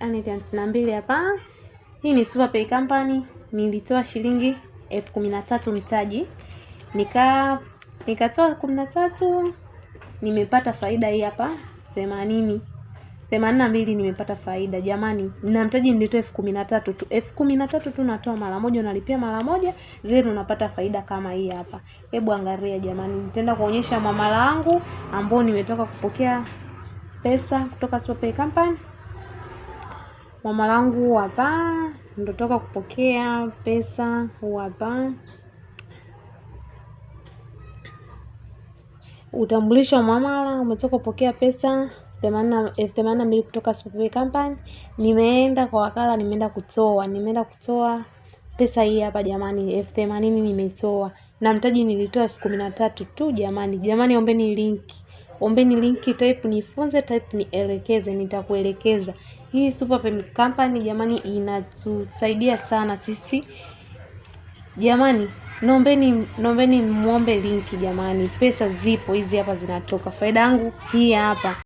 Aneti hamsini na mbili hapa. Hii ni Superpay Company. Nilitoa shilingi elfu kumi na tatu mtaji, nika nikatoa kumi na tatu, nimepata faida hii hapa themanini themanini na mbili nimepata faida. Jamani, na mtaji nilitoa elfu kumi na tatu tu, elfu kumi na tatu tu natoa mara moja, unalipia mara moja, then unapata faida kama hii hapa. Hebu angalia jamani, nitaenda kuonyesha mwamala wangu ambao nimetoka kupokea pesa kutoka Superpay Company mama langu hapa, ndo toka kupokea pesa, hapa. Utambulisho wa mwamala umetoka kupokea pesa elfu themanini na mbili kutoka Superpay Company. Nimeenda kwa wakala, nimeenda kutoa, nimeenda kutoa pesa hii hapa jamani, elfu themanini nimetoa na mtaji nilitoa elfu kumi na tatu tu jamani. Jamani, ombeni linki ombeni linki type nifunze, type nielekeze, nitakuelekeza. Hii Super Pem Company jamani, inatusaidia sana sisi jamani. Nombeni, nombeni muombe linki jamani, pesa zipo hizi hapa, zinatoka. Faida yangu hii hapa.